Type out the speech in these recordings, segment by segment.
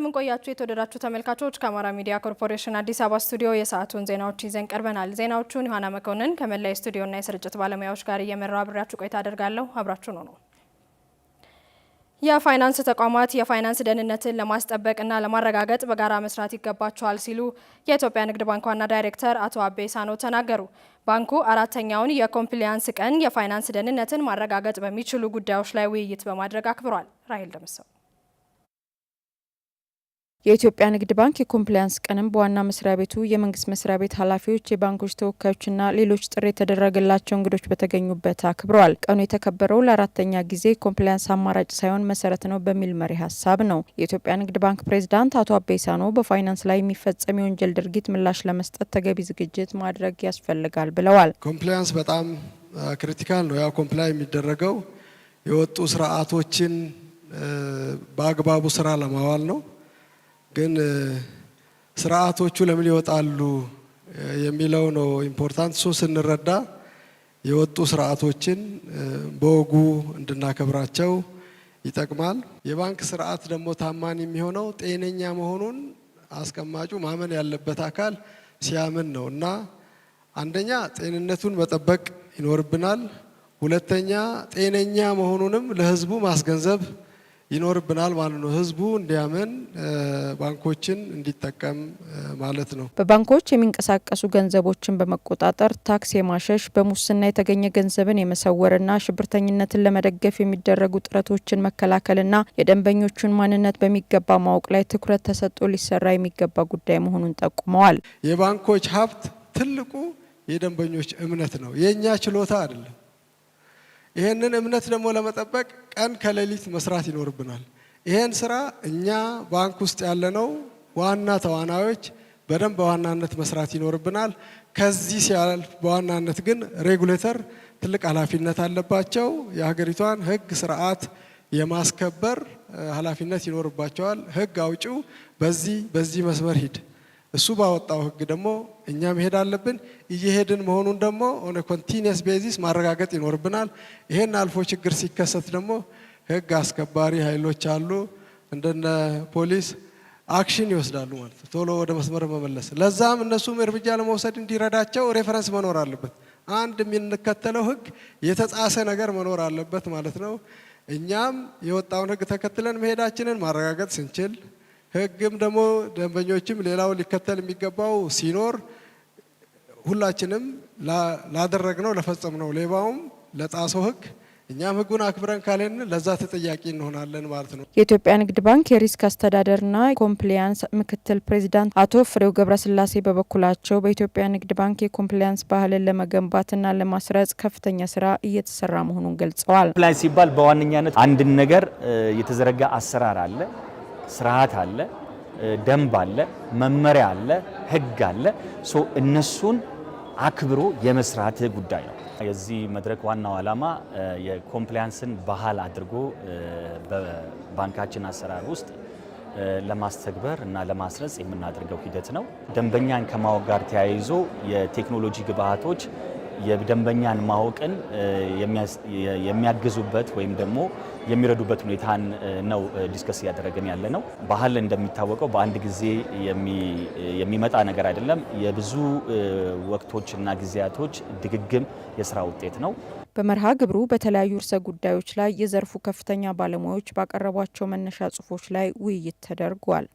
እንደምን ቆያችሁ የተወደዳችሁ ተመልካቾች። ከአማራ ሚዲያ ኮርፖሬሽን አዲስ አበባ ስቱዲዮ የሰዓቱን ዜናዎች ይዘን ቀርበናል። ዜናዎቹን ዮሐና መኮንን ከመላይ ስቱዲዮና የስርጭት ባለሙያዎች ጋር እየመራው አብሬያችሁ ቆይታ አደርጋለሁ። አብራችሁ ነው ነው የፋይናንስ ተቋማት የፋይናንስ ደህንነትን ለማስጠበቅና ለማረጋገጥ በጋራ መስራት ይገባቸዋል ሲሉ የኢትዮጵያ ንግድ ባንክ ዋና ዳይሬክተር አቶ አቤ ሳኖ ተናገሩ። ባንኩ አራተኛውን የኮምፕሊያንስ ቀን የፋይናንስ ደህንነትን ማረጋገጥ በሚችሉ ጉዳዮች ላይ ውይይት በማድረግ አክብሯል። ራሄል ደምሰው የኢትዮጵያ ንግድ ባንክ የኮምፕላያንስ ቀንም በዋና መስሪያ ቤቱ የመንግስት መስሪያ ቤት ኃላፊዎች፣ የባንኮች ተወካዮችና ሌሎች ጥሪ የተደረገላቸው እንግዶች በተገኙበት አክብረዋል። ቀኑ የተከበረው ለአራተኛ ጊዜ ኮምፕላያንስ አማራጭ ሳይሆን መሰረት ነው በሚል መሪ ሀሳብ ነው። የኢትዮጵያ ንግድ ባንክ ፕሬዚዳንት አቶ አቤሳኖ በፋይናንስ ላይ የሚፈጸም የወንጀል ድርጊት ምላሽ ለመስጠት ተገቢ ዝግጅት ማድረግ ያስፈልጋል ብለዋል። ኮምፕላያንስ በጣም ክሪቲካል ነው። ያው ኮምፕላይ የሚደረገው የወጡ ስርዓቶችን በአግባቡ ስራ ለማዋል ነው ግን ስርዓቶቹ ለምን ይወጣሉ የሚለው ነው ኢምፖርታንት። ሶ ስንረዳ የወጡ ስርዓቶችን በወጉ እንድናከብራቸው ይጠቅማል። የባንክ ስርዓት ደግሞ ታማኝ የሚሆነው ጤነኛ መሆኑን አስቀማጩ ማመን ያለበት አካል ሲያምን ነው እና አንደኛ ጤንነቱን መጠበቅ ይኖርብናል። ሁለተኛ ጤነኛ መሆኑንም ለህዝቡ ማስገንዘብ ይኖርብናል ማለት ነው። ህዝቡ እንዲያምን ባንኮችን እንዲጠቀም ማለት ነው። በባንኮች የሚንቀሳቀሱ ገንዘቦችን በመቆጣጠር ታክስ የማሸሽ በሙስና የተገኘ ገንዘብን የመሰወርና ሽብርተኝነትን ለመደገፍ የሚደረጉ ጥረቶችን መከላከልና የደንበኞቹን ማንነት በሚገባ ማወቅ ላይ ትኩረት ተሰጥቶ ሊሰራ የሚገባ ጉዳይ መሆኑን ጠቁመዋል። የባንኮች ሀብት ትልቁ የደንበኞች እምነት ነው፣ የእኛ ችሎታ አይደለም። ይህንን እምነት ደግሞ ለመጠበቅ ቀን ከሌሊት መስራት ይኖርብናል። ይህን ስራ እኛ ባንክ ውስጥ ያለነው ዋና ተዋናዮች በደንብ በዋናነት መስራት ይኖርብናል። ከዚህ ሲያልፍ በዋናነት ግን ሬጉሌተር ትልቅ ኃላፊነት አለባቸው። የሀገሪቷን ህግ ስርዓት የማስከበር ኃላፊነት ይኖርባቸዋል። ህግ አውጪው በዚህ በዚህ መስመር ሂድ እሱ ባወጣው ህግ ደግሞ እኛ መሄድ አለብን። እየሄድን መሆኑን ደግሞ ሆነ ኮንቲኒየስ ቤዚስ ማረጋገጥ ይኖርብናል። ይሄን አልፎ ችግር ሲከሰት ደግሞ ህግ አስከባሪ ኃይሎች አሉ፣ እንደነ ፖሊስ አክሽን ይወስዳሉ ማለት ነው፣ ቶሎ ወደ መስመር መመለስ። ለዛም እነሱም እርምጃ ለመውሰድ እንዲረዳቸው ሬፈረንስ መኖር አለበት። አንድ የምንከተለው ህግ የተጻሰ ነገር መኖር አለበት ማለት ነው። እኛም የወጣውን ህግ ተከትለን መሄዳችንን ማረጋገጥ ስንችል ህግም ደግሞ ደንበኞችም ሌላው ሊከተል የሚገባው ሲኖር ሁላችንም ላደረግነው ለፈጸምነው ሌባውም ለጣሰው ህግ እኛም ህጉን አክብረን ካለን ለዛ ተጠያቂ እንሆናለን ማለት ነው። የኢትዮጵያ ንግድ ባንክ የሪስክ አስተዳደርና ኮምፕሊያንስ ምክትል ፕሬዚዳንት አቶ ፍሬው ገብረስላሴ በበኩላቸው በኢትዮጵያ ንግድ ባንክ የኮምፕሊያንስ ባህልን ለመገንባትና ለማስረጽ ከፍተኛ ስራ እየተሰራ መሆኑን ገልጸዋል። ኮምፕሊያንስ ሲባል በዋነኛነት አንድን ነገር የተዘረጋ አሰራር አለ ስርዓት አለ፣ ደንብ አለ፣ መመሪያ አለ፣ ህግ አለ። እነሱን አክብሮ የመስራት ጉዳይ ነው። የዚህ መድረክ ዋናው ዓላማ የኮምፕላያንስን ባህል አድርጎ በባንካችን አሰራር ውስጥ ለማስተግበር እና ለማስረጽ የምናደርገው ሂደት ነው። ደንበኛን ከማወቅ ጋር ተያይዞ የቴክኖሎጂ ግብአቶች የደንበኛን ማወቅን የሚያግዙበት ወይም ደግሞ የሚረዱበት ሁኔታን ነው ዲስከስ እያደረግን ያለ ነው። ባህል እንደሚታወቀው በአንድ ጊዜ የሚመጣ ነገር አይደለም። የብዙ ወቅቶችና ጊዜያቶች ድግግም የስራ ውጤት ነው። በመርሃ ግብሩ በተለያዩ ርዕሰ ጉዳዮች ላይ የዘርፉ ከፍተኛ ባለሙያዎች ባቀረቧቸው መነሻ ጽሁፎች ላይ ውይይት ተደርጓል።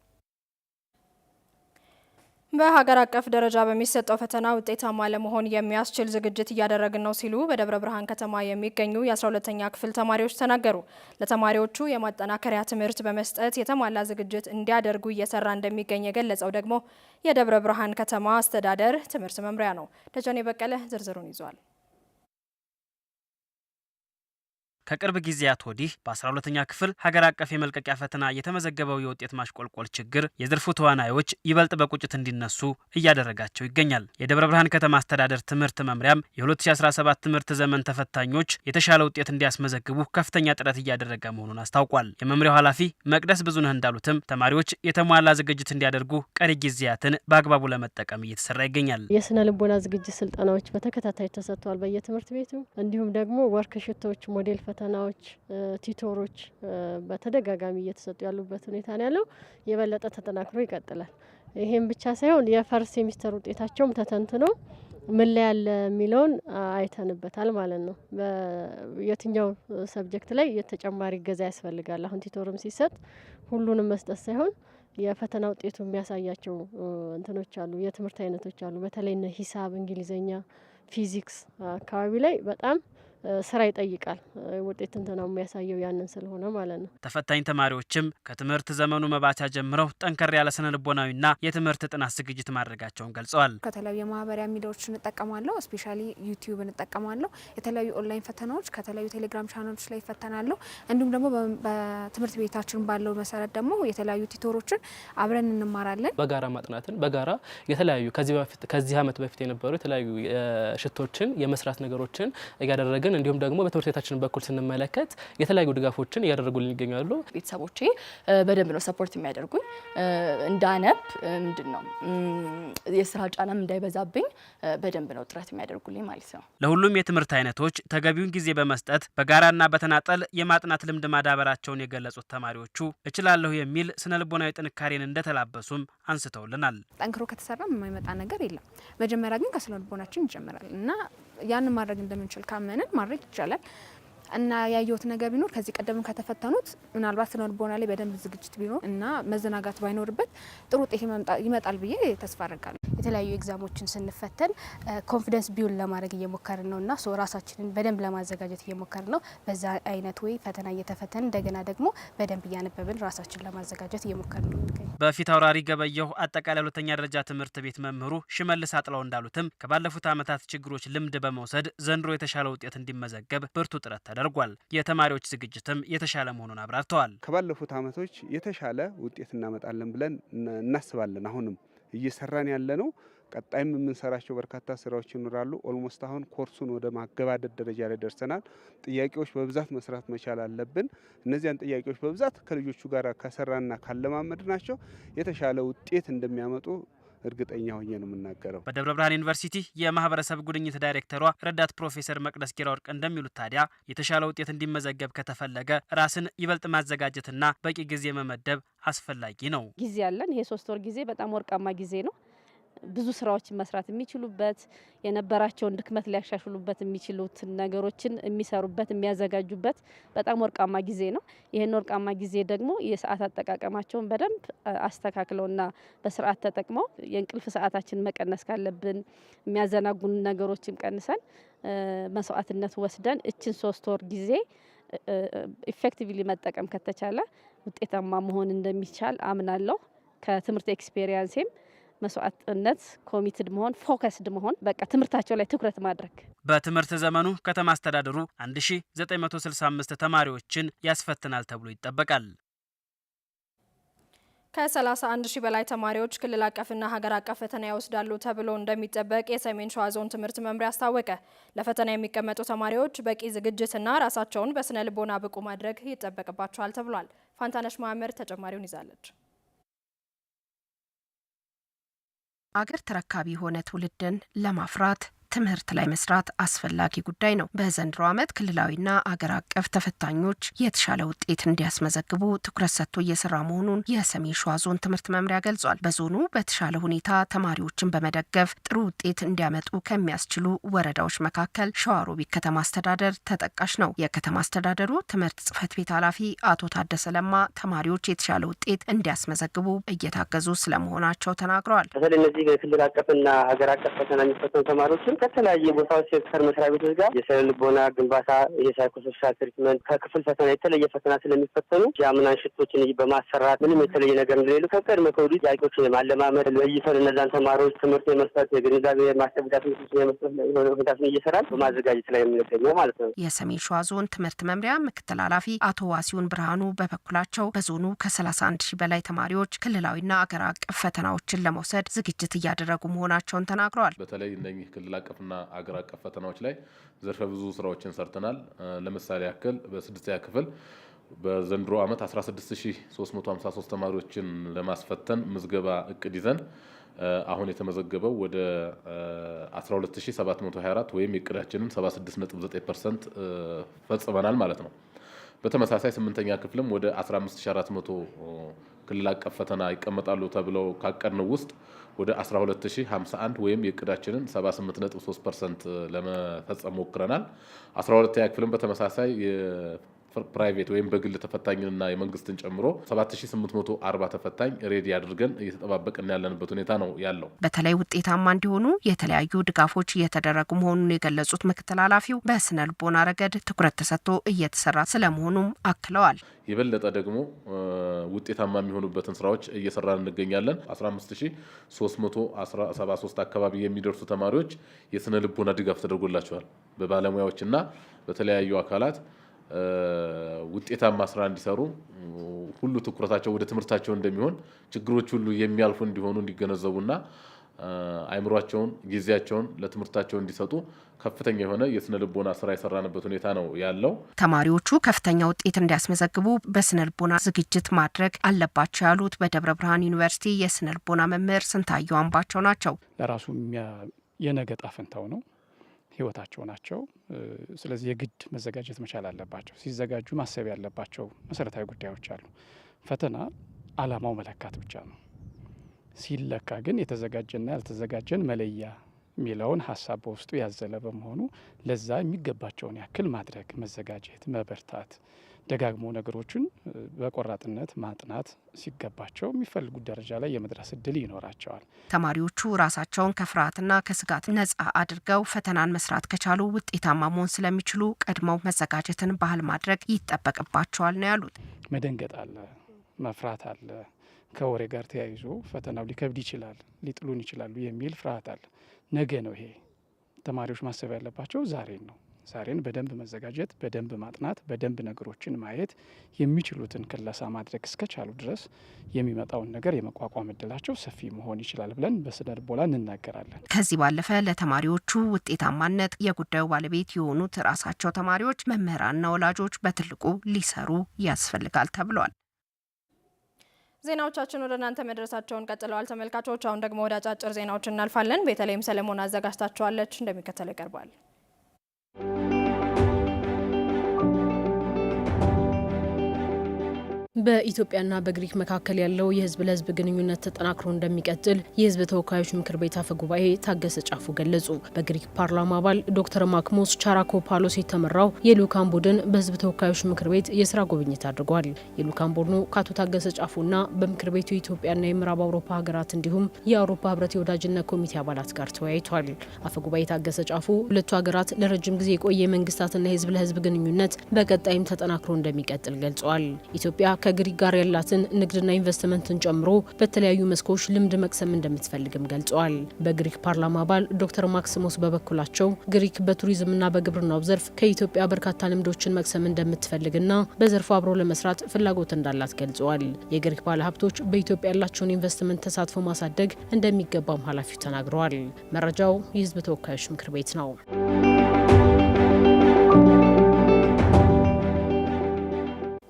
በሀገር አቀፍ ደረጃ በሚሰጠው ፈተና ውጤታማ ለመሆን የሚያስችል ዝግጅት እያደረግን ነው ሲሉ በደብረ ብርሃን ከተማ የሚገኙ የ12ተኛ ክፍል ተማሪዎች ተናገሩ። ለተማሪዎቹ የማጠናከሪያ ትምህርት በመስጠት የተሟላ ዝግጅት እንዲያደርጉ እየሰራ እንደሚገኝ የገለጸው ደግሞ የደብረ ብርሃን ከተማ አስተዳደር ትምህርት መምሪያ ነው። ደጀኔ በቀለ ዝርዝሩን ይዟል። ከቅርብ ጊዜያት ወዲህ በ12ኛ ክፍል ሀገር አቀፍ የመልቀቂያ ፈተና የተመዘገበው የውጤት ማሽቆልቆል ችግር የዘርፉ ተዋናዮች ይበልጥ በቁጭት እንዲነሱ እያደረጋቸው ይገኛል። የደብረ ብርሃን ከተማ አስተዳደር ትምህርት መምሪያም የ2017 ትምህርት ዘመን ተፈታኞች የተሻለ ውጤት እንዲያስመዘግቡ ከፍተኛ ጥረት እያደረገ መሆኑን አስታውቋል። የመምሪያው ኃላፊ መቅደስ ብዙነህ እንዳሉትም ተማሪዎች የተሟላ ዝግጅት እንዲያደርጉ ቀሪ ጊዜያትን በአግባቡ ለመጠቀም እየተሰራ ይገኛል። የስነ ልቦና ዝግጅት ስልጠናዎች በተከታታይ ተሰጥተዋል በየትምህርት ቤቱ እንዲሁም ደግሞ ወርክሽቶች ሞዴል ፈተናዎች፣ ቲቶሮች በተደጋጋሚ እየተሰጡ ያሉበት ሁኔታ ነው ያለው። የበለጠ ተጠናክሮ ይቀጥላል። ይሄም ብቻ ሳይሆን የፈርስ ሴሚስተር ውጤታቸውም ተተንትኖ ምን ላይ ያለ የሚለውን አይተንበታል ማለት ነው። የትኛው ሰብጀክት ላይ የተጨማሪ እገዛ ያስፈልጋል። አሁን ቲቶርም ሲሰጥ ሁሉንም መስጠት ሳይሆን የፈተና ውጤቱ የሚያሳያቸው እንትኖች አሉ፣ የትምህርት አይነቶች አሉ። በተለይ ሂሳብ፣ እንግሊዝኛ፣ ፊዚክስ አካባቢ ላይ በጣም ስራ ይጠይቃል። ውጤት ትንተናው የሚያሳየው ያንን ስለሆነ ማለት ነው። ተፈታኝ ተማሪዎችም ከትምህርት ዘመኑ መባቻ ጀምረው ጠንከር ያለ ስነ ልቦናዊና የትምህርት ጥናት ዝግጅት ማድረጋቸውን ገልጸዋል። ከተለያዩ የማህበሪያ ሚዲያዎች እንጠቀማለሁ፣ ስፔሻሊ ዩቲዩብ እንጠቀማለሁ። የተለያዩ ኦንላይን ፈተናዎች ከተለያዩ ቴሌግራም ቻናሎች ላይ ይፈተናለሁ። እንዲሁም ደግሞ በትምህርት ቤታችን ባለው መሰረት ደግሞ የተለያዩ ቲቶሮችን አብረን እንማራለን። በጋራ ማጥናትን በጋራ የተለያዩ ከዚህ አመት በፊት የነበሩ የተለያዩ ሽቶችን የመስራት ነገሮችን እያደረግን እንዲሁም ደግሞ በትምህርት ቤታችን በኩል ስንመለከት የተለያዩ ድጋፎችን እያደረጉልን ይገኛሉ። ቤተሰቦቼ በደንብ ነው ሰፖርት የሚያደርጉኝ እንዳነብ ምንድን ነው የስራ ጫናም እንዳይበዛብኝ በደንብ ነው ጥረት የሚያደርጉልኝ ማለት ነው። ለሁሉም የትምህርት አይነቶች ተገቢውን ጊዜ በመስጠት በጋራና በተናጠል የማጥናት ልምድ ማዳበራቸውን የገለጹት ተማሪዎቹ እችላለሁ የሚል ስነ ልቦናዊ ጥንካሬን እንደተላበሱም አንስተውልናል። ጠንክሮ ከተሰራ የማይመጣ ነገር የለም። መጀመሪያ ግን ከስነ ልቦናችን ይጀምራል እና ያንን ማድረግ እንደምንችል ካመንን ማድረግ ይቻላል። እና ያየሁት ነገር ቢኖር ከዚህ ቀደም ከተፈተኑት ምናልባት ስነ ልቦና ላይ በደንብ ዝግጅት ቢኖር እና መዘናጋት ባይኖርበት ጥሩ ውጤት ይመጣል ብዬ ተስፋ አድርጋለሁ። የተለያዩ ኤግዛሞችን ስንፈተን ኮንፊደንስ ቢውል ለማድረግ እየሞከርን ነው እና ራሳችንን በደንብ ለማዘጋጀት እየሞከርን ነው። በዛ አይነት ወይ ፈተና እየተፈተን እንደገና ደግሞ በደንብ እያነበብን ራሳችን ለማዘጋጀት እየሞከርን ነው። በፊት አውራሪ ገበየሁ አጠቃላይ ሁለተኛ ደረጃ ትምህርት ቤት መምህሩ ሽመልስ አጥለው እንዳሉትም ከባለፉት ዓመታት ችግሮች ልምድ በመውሰድ ዘንድሮ የተሻለ ውጤት እንዲመዘገብ ብርቱ ጥረት ተደርጓል። የተማሪዎች ዝግጅትም የተሻለ መሆኑን አብራርተዋል። ከባለፉት ዓመቶች የተሻለ ውጤት እናመጣለን ብለን እናስባለን። አሁንም እየሰራን ያለ ነው። ቀጣይም የምንሰራቸው በርካታ ስራዎች ይኖራሉ። ኦልሞስት አሁን ኮርሱን ወደ ማገባደድ ደረጃ ላይ ደርሰናል። ጥያቄዎች በብዛት መስራት መቻል አለብን። እነዚያን ጥያቄዎች በብዛት ከልጆቹ ጋር ከሰራና ካለማመድ ናቸው የተሻለ ውጤት እንደሚያመጡ እርግጠኛ ሆኜ ነው የምናገረው። በደብረ ብርሃን ዩኒቨርሲቲ የማህበረሰብ ጉድኝት ዳይሬክተሯ ረዳት ፕሮፌሰር መቅደስ ጌራወርቅ እንደሚሉት ታዲያ የተሻለ ውጤት እንዲመዘገብ ከተፈለገ ራስን ይበልጥ ማዘጋጀትና በቂ ጊዜ መመደብ አስፈላጊ ነው። ጊዜ ያለን ይሄ ሶስት ወር ጊዜ በጣም ወርቃማ ጊዜ ነው። ብዙ ስራዎችን መስራት የሚችሉበት የነበራቸውን ድክመት ሊያሻሽሉበት የሚችሉት ነገሮችን የሚሰሩበት የሚያዘጋጁበት በጣም ወርቃማ ጊዜ ነው። ይህን ወርቃማ ጊዜ ደግሞ የሰዓት አጠቃቀማቸውን በደንብ አስተካክለውና በስርዓት ተጠቅመው የእንቅልፍ ሰዓታችን መቀነስ ካለብን የሚያዘናጉን ነገሮችን ቀንሰን መስዋዕትነት ወስደን እችን ሶስት ወር ጊዜ ኢፌክቲቭሊ መጠቀም ከተቻለ ውጤታማ መሆን እንደሚቻል አምናለሁ። ከትምህርት ኤክስፔሪንሴም መስዋዕትነት ኮሚትድ መሆን ፎከስድ መሆን በቃ ትምህርታቸው ላይ ትኩረት ማድረግ። በትምህርት ዘመኑ ከተማ አስተዳደሩ 1965 ተማሪዎችን ያስፈትናል ተብሎ ይጠበቃል። ከ31 ሺህ በላይ ተማሪዎች ክልል አቀፍና ሀገር አቀፍ ፈተና ይወስዳሉ ተብሎ እንደሚጠበቅ የሰሜን ሸዋ ዞን ትምህርት መምሪያ አስታወቀ። ለፈተና የሚቀመጡ ተማሪዎች በቂ ዝግጅትና ራሳቸውን በስነ ልቦና ብቁ ማድረግ ይጠበቅባቸዋል ተብሏል። ፋንታነሽ ማህመድ ተጨማሪውን ይዛለች። አገር ተረካቢ የሆነ ትውልድን ለማፍራት ትምህርት ላይ መስራት አስፈላጊ ጉዳይ ነው። በዘንድሮ ዓመት ክልላዊና አገር አቀፍ ተፈታኞች የተሻለ ውጤት እንዲያስመዘግቡ ትኩረት ሰጥቶ እየሰራ መሆኑን የሰሜን ሸዋ ዞን ትምህርት መምሪያ ገልጿል። በዞኑ በተሻለ ሁኔታ ተማሪዎችን በመደገፍ ጥሩ ውጤት እንዲያመጡ ከሚያስችሉ ወረዳዎች መካከል ሸዋሮቢት ከተማ አስተዳደር ተጠቃሽ ነው። የከተማ አስተዳደሩ ትምህርት ጽህፈት ቤት ኃላፊ አቶ ታደሰ ለማ ተማሪዎች የተሻለ ውጤት እንዲያስመዘግቡ እየታገዙ ስለመሆናቸው ተናግረዋል። በተለይ እነዚህ በክልል አቀፍና ሀገር አቀፍ ፈተና የሚፈተኑ ተማሪዎችን ከተለያየ ቦታዎች ሴክተር መስሪያ ቤቶች ጋር የስነ ልቦና ግንባታ የሳይኮሶሻል ትሪትመንት ከክፍል ፈተና የተለየ ፈተና ስለሚፈተኑ የአምናን ሽቶችን በማሰራት ምንም የተለየ ነገር እንደሌሉ ከቀድመ ከወዲህ ጥያቄዎችን የማለማመድ ለይተን እነዛን ተማሪዎች ትምህርት የመስጠት የግንዛቤ ማስጨበጫ ትምህርቶችን የመስጠት ሁኔታትን እየሰራል በማዘጋጀት ላይ የምንገኘው ማለት ነው። የሰሜን ሸዋ ዞን ትምህርት መምሪያ ምክትል ኃላፊ አቶ ዋሲሁን ብርሃኑ በበኩላቸው በዞኑ ከ31 ሺህ በላይ ተማሪዎች ክልላዊና አገር አቀፍ ፈተናዎችን ለመውሰድ ዝግጅት እያደረጉ መሆናቸውን ተናግረዋል። በተለይ እነኚህ ክልል አቀፍና አገር አቀፍ ፈተናዎች ላይ ዘርፈ ብዙ ስራዎችን ሰርተናል። ለምሳሌ ያክል በስድስተኛ ክፍል በዘንድሮ ዓመት 16353 ተማሪዎችን ለማስፈተን ምዝገባ እቅድ ይዘን አሁን የተመዘገበው ወደ 12724 ወይም የእቅዳችንን 76.9 ፐርሰንት ፈጽመናል ማለት ነው። በተመሳሳይ ስምንተኛ ክፍልም ወደ 15400 ክልል አቀፍ ፈተና ይቀመጣሉ ተብለው ካቀድነው ውስጥ ወደ 12051 ወይም የእቅዳችንን 78.3 ፐርሰንት ለመፈጸም ሞክረናል። 12ኛ ክፍልም በተመሳሳይ ፕራይቬት ወይም በግል ተፈታኝንና የመንግስትን ጨምሮ 7840 ተፈታኝ ሬዲ አድርገን እየተጠባበቅን ያለንበት ሁኔታ ነው ያለው። በተለይ ውጤታማ እንዲሆኑ የተለያዩ ድጋፎች እየተደረጉ መሆኑን የገለጹት ምክትል ኃላፊው በስነ ልቦና ረገድ ትኩረት ተሰጥቶ እየተሰራ ስለመሆኑም አክለዋል። የበለጠ ደግሞ ውጤታማ የሚሆኑበትን ስራዎች እየሰራን እንገኛለን። 15373 አካባቢ የሚደርሱ ተማሪዎች የስነ ልቦና ድጋፍ ተደርጎላቸዋል በባለሙያዎችና በተለያዩ አካላት ውጤታማ ስራ እንዲሰሩ ሁሉ ትኩረታቸው ወደ ትምህርታቸው እንደሚሆን ችግሮች ሁሉ የሚያልፉ እንዲሆኑ እንዲገነዘቡና አይምሯቸውን ጊዜያቸውን ለትምህርታቸው እንዲሰጡ ከፍተኛ የሆነ የስነ ልቦና ስራ የሰራንበት ሁኔታ ነው ያለው። ተማሪዎቹ ከፍተኛ ውጤት እንዲያስመዘግቡ በስነ ልቦና ዝግጅት ማድረግ አለባቸው ያሉት በደብረ ብርሃን ዩኒቨርሲቲ የስነ ልቦና መምህር ስንታየው አምባቸው ናቸው። ለራሱ የነገ ጣፈንታው ነው ህይወታቸው ናቸው። ስለዚህ የግድ መዘጋጀት መቻል አለባቸው። ሲዘጋጁ ማሰብ ያለባቸው መሰረታዊ ጉዳዮች አሉ። ፈተና አላማው መለካት ብቻ ነው። ሲለካ ግን የተዘጋጀና ያልተዘጋጀን መለያ የሚለውን ሀሳብ በውስጡ ያዘለ በመሆኑ ለዛ የሚገባቸውን ያክል ማድረግ፣ መዘጋጀት፣ መበርታት ደጋግሞ ነገሮችን በቆራጥነት ማጥናት ሲገባቸው የሚፈልጉት ደረጃ ላይ የመድረስ እድል ይኖራቸዋል። ተማሪዎቹ ራሳቸውን ከፍርሃትና ከስጋት ነጻ አድርገው ፈተናን መስራት ከቻሉ ውጤታማ መሆን ስለሚችሉ ቀድመው መዘጋጀትን ባህል ማድረግ ይጠበቅባቸዋል ነው ያሉት። መደንገጥ አለ፣ መፍራት አለ። ከወሬ ጋር ተያይዞ ፈተናው ሊከብድ ይችላል፣ ሊጥሉን ይችላሉ የሚል ፍርሃት አለ። ነገ ነው ይሄ። ተማሪዎች ማሰብ ያለባቸው ዛሬን ነው። ዛሬን በደንብ መዘጋጀት፣ በደንብ ማጥናት፣ በደንብ ነገሮችን ማየት የሚችሉትን ክለሳ ማድረግ እስከቻሉ ድረስ የሚመጣውን ነገር የመቋቋም እድላቸው ሰፊ መሆን ይችላል ብለን በስነ ልቦና እንናገራለን። ከዚህ ባለፈ ለተማሪዎቹ ውጤታማነት የጉዳዩ ባለቤት የሆኑት ራሳቸው ተማሪዎች፣ መምህራንና ወላጆች በትልቁ ሊሰሩ ያስፈልጋል ተብሏል። ዜናዎቻችን ወደ እናንተ መድረሳቸውን ቀጥለዋል ተመልካቾች። አሁን ደግሞ ወደ አጫጭር ዜናዎች እናልፋለን። በተለይም ሰለሞን አዘጋጅታቸዋለች፣ እንደሚከተለው ይቀርባል። thank you በኢትዮጵያና በግሪክ መካከል ያለው የህዝብ ለህዝብ ግንኙነት ተጠናክሮ እንደሚቀጥል የህዝብ ተወካዮች ምክር ቤት አፈ ጉባኤ ታገሰ ጫፉ ገለጹ። በግሪክ ፓርላማ አባል ዶክተር ማክሞስ ቻራኮፓሎስ የተመራው የልዑካን ቡድን በህዝብ ተወካዮች ምክር ቤት የስራ ጉብኝት አድርጓል። የልዑካን ቡድኑ ከአቶ ታገሰ ጫፉና በምክር ቤቱ የኢትዮጵያና የምዕራብ አውሮፓ ሀገራት እንዲሁም የአውሮፓ ህብረት የወዳጅነት ኮሚቴ አባላት ጋር ተወያይቷል። አፈ ጉባኤ ታገሰ ጫፉ ሁለቱ ሀገራት ለረጅም ጊዜ የቆየ መንግስታትና የህዝብ ለህዝብ ግንኙነት በቀጣይም ተጠናክሮ እንደሚቀጥል ገልጸዋል። ኢትዮጵያ ከግሪክ ጋር ያላትን ንግድና ኢንቨስትመንትን ጨምሮ በተለያዩ መስኮች ልምድ መቅሰም እንደምትፈልግም ገልጸዋል። በግሪክ ፓርላማ አባል ዶክተር ማክሲሞስ በበኩላቸው ግሪክ በቱሪዝምና በግብርናው ዘርፍ ከኢትዮጵያ በርካታ ልምዶችን መቅሰም እንደምትፈልግና በዘርፉ አብሮ ለመስራት ፍላጎት እንዳላት ገልጸዋል። የግሪክ ባለሀብቶች በኢትዮጵያ ያላቸውን ኢንቨስትመንት ተሳትፎ ማሳደግ እንደሚገባም ኃላፊው ተናግረዋል። መረጃው የህዝብ ተወካዮች ምክር ቤት ነው።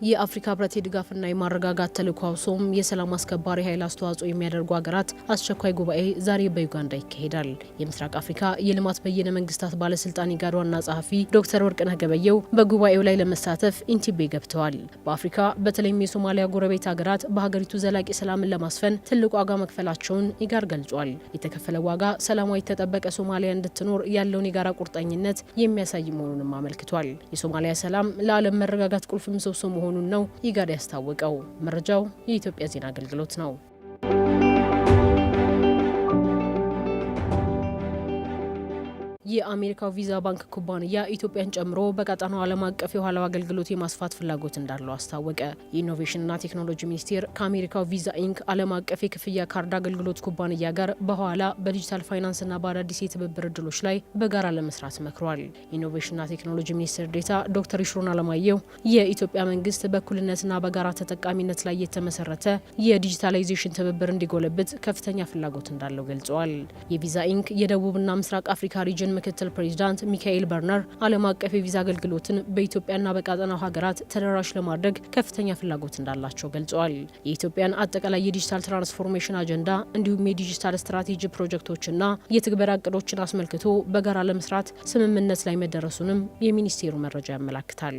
የአፍሪካ ህብረት የድጋፍና የማረጋጋት ተልዕኮ አውሶም የሰላም አስከባሪ ኃይል አስተዋጽኦ የሚያደርጉ ሀገራት አስቸኳይ ጉባኤ ዛሬ በዩጋንዳ ይካሄዳል። የምስራቅ አፍሪካ የልማት በየነ መንግስታት ባለስልጣን ኢጋድ ዋና ጸሐፊ ዶክተር ወርቅነህ ገበየው በጉባኤው ላይ ለመሳተፍ ኢንቲቤ ገብተዋል። በአፍሪካ በተለይም የሶማሊያ ጎረቤት ሀገራት በሀገሪቱ ዘላቂ ሰላምን ለማስፈን ትልቅ ዋጋ መክፈላቸውን ኢጋድ ገልጿል። የተከፈለ ዋጋ ሰላማዊ የተጠበቀ ሶማሊያ እንድትኖር ያለውን የጋራ ቁርጠኝነት የሚያሳይ መሆኑንም አመልክቷል። የሶማሊያ ሰላም ለዓለም መረጋጋት ቁልፍ ምሰሶ መሆኑ መሆኑን ነው ኢጋድ ያስታወቀው። መረጃው የኢትዮጵያ ዜና አገልግሎት ነው። የአሜሪካው ቪዛ ባንክ ኩባንያ ኢትዮጵያን ጨምሮ በቀጠናው ዓለም አቀፍ የኋላ አገልግሎት የማስፋት ፍላጎት እንዳለው አስታወቀ። የኢኖቬሽንና ቴክኖሎጂ ሚኒስቴር ከአሜሪካው ቪዛ ኢንክ ዓለም አቀፍ የክፍያ ካርድ አገልግሎት ኩባንያ ጋር በኋላ በዲጂታል ፋይናንስና በአዳዲስ የትብብር እድሎች ላይ በጋራ ለመስራት መክሯል። ኢኖቬሽንና ቴክኖሎጂ ሚኒስትር ዴታ ዶክተር ይሽሩን አለማየሁ የኢትዮጵያ መንግስት በእኩልነትና በጋራ ተጠቃሚነት ላይ የተመሰረተ የዲጂታላይዜሽን ትብብር እንዲጎለብት ከፍተኛ ፍላጎት እንዳለው ገልጸዋል። የቪዛ ኢንክ የደቡብና ምስራቅ አፍሪካ ሪጅን ምክትል ፕሬዚዳንት ሚካኤል በርነር ዓለም አቀፍ የቪዛ አገልግሎትን በኢትዮጵያና በቀጠናው ሀገራት ተደራሽ ለማድረግ ከፍተኛ ፍላጎት እንዳላቸው ገልጸዋል። የኢትዮጵያን አጠቃላይ የዲጂታል ትራንስፎርሜሽን አጀንዳ እንዲሁም የዲጂታል ስትራቴጂ ፕሮጀክቶችና የትግበራ እቅዶችን አስመልክቶ በጋራ ለመስራት ስምምነት ላይ መደረሱንም የሚኒስቴሩ መረጃ ያመላክታል።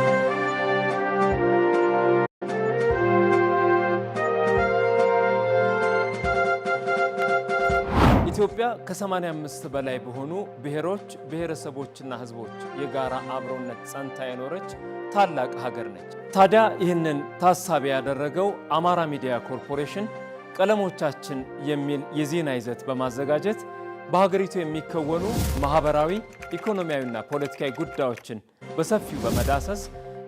ኢትዮጵያ ከ85 በላይ በሆኑ ብሔሮች ብሔረሰቦችና ሕዝቦች የጋራ አብሮነት ጸንታ የኖረች ታላቅ ሀገር ነች። ታዲያ ይህንን ታሳቢ ያደረገው አማራ ሚዲያ ኮርፖሬሽን ቀለሞቻችን የሚል የዜና ይዘት በማዘጋጀት በሀገሪቱ የሚከወኑ ማኅበራዊ፣ ኢኮኖሚያዊና ፖለቲካዊ ጉዳዮችን በሰፊው በመዳሰስ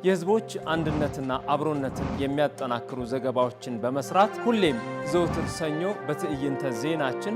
የህዝቦች አንድነትና አብሮነትን የሚያጠናክሩ ዘገባዎችን በመስራት ሁሌም ዘውትር ሰኞ በትዕይንተ ዜናችን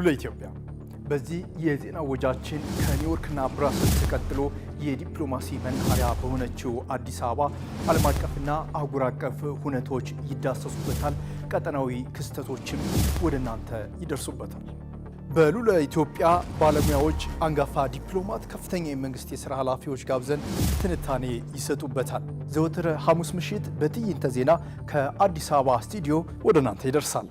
ሉላ ኢትዮጵያ በዚህ የዜና ወጃችን ከኒውዮርክና ብራስልስ ተቀጥሎ የዲፕሎማሲ መናኸሪያ በሆነችው አዲስ አበባ ዓለም አቀፍና አህጉር አቀፍ ሁነቶች ይዳሰሱበታል። ቀጠናዊ ክስተቶችም ወደ እናንተ ይደርሱበታል። በሉላ ኢትዮጵያ ባለሙያዎች፣ አንጋፋ ዲፕሎማት፣ ከፍተኛ የመንግስት የሥራ ኃላፊዎች ጋብዘን ትንታኔ ይሰጡበታል። ዘወትር ሐሙስ ምሽት በትዕይንተ ዜና ከአዲስ አበባ ስቱዲዮ ወደ እናንተ ይደርሳል።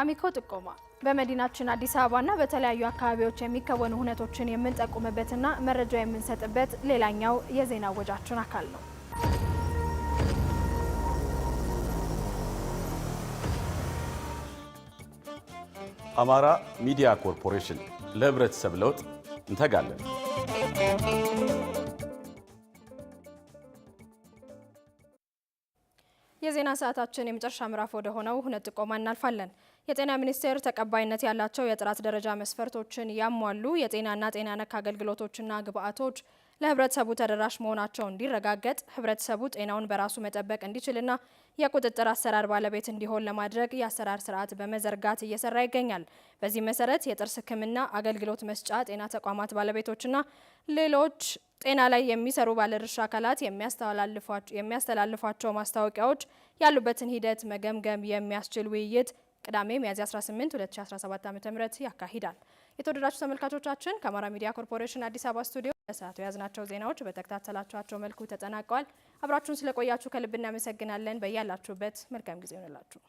አሚኮ ጥቆማ በመዲናችን አዲስ አበባና በተለያዩ አካባቢዎች የሚከወኑ ሁነቶችን የምንጠቁምበትና መረጃ የምንሰጥበት ሌላኛው የዜና ወጃችን አካል ነው። አማራ ሚዲያ ኮርፖሬሽን ለህብረተሰብ ለውጥ እንተጋለን። የዜና ሰዓታችን የመጨረሻ ምዕራፍ ወደ ሆነው ሁነት ጥቆማ እናልፋለን። የጤና ሚኒስቴር ተቀባይነት ያላቸው የጥራት ደረጃ መስፈርቶችን ያሟሉ የጤናና ጤና ነክ አገልግሎቶችና ግብአቶች ለህብረተሰቡ ተደራሽ መሆናቸው እንዲረጋገጥ ህብረተሰቡ ጤናውን በራሱ መጠበቅ እንዲችልና የቁጥጥር አሰራር ባለቤት እንዲሆን ለማድረግ የአሰራር ስርዓት በመዘርጋት እየሰራ ይገኛል። በዚህ መሰረት የጥርስ ሕክምና አገልግሎት መስጫ ጤና ተቋማት ባለቤቶችና ሌሎች ጤና ላይ የሚሰሩ ባለድርሻ አካላት የሚያስተላልፏቸው ማስታወቂያዎች ያሉበትን ሂደት መገምገም የሚያስችል ውይይት ቅዳሜ ሚያዝያ 18 2017 ዓ.ም ያካሂዳል። የተወደዳችሁ ተመልካቾቻችን ከአማራ ሚዲያ ኮርፖሬሽን አዲስ አበባ ስቱዲዮ ለሰዓቱ የያዝናቸው ዜናዎች በተከታተላችኋቸው መልኩ ተጠናቀዋል። አብራችሁን ስለቆያችሁ ከልብ እናመሰግናለን። በያላችሁበት መልካም ጊዜ ይሆንላችሁ።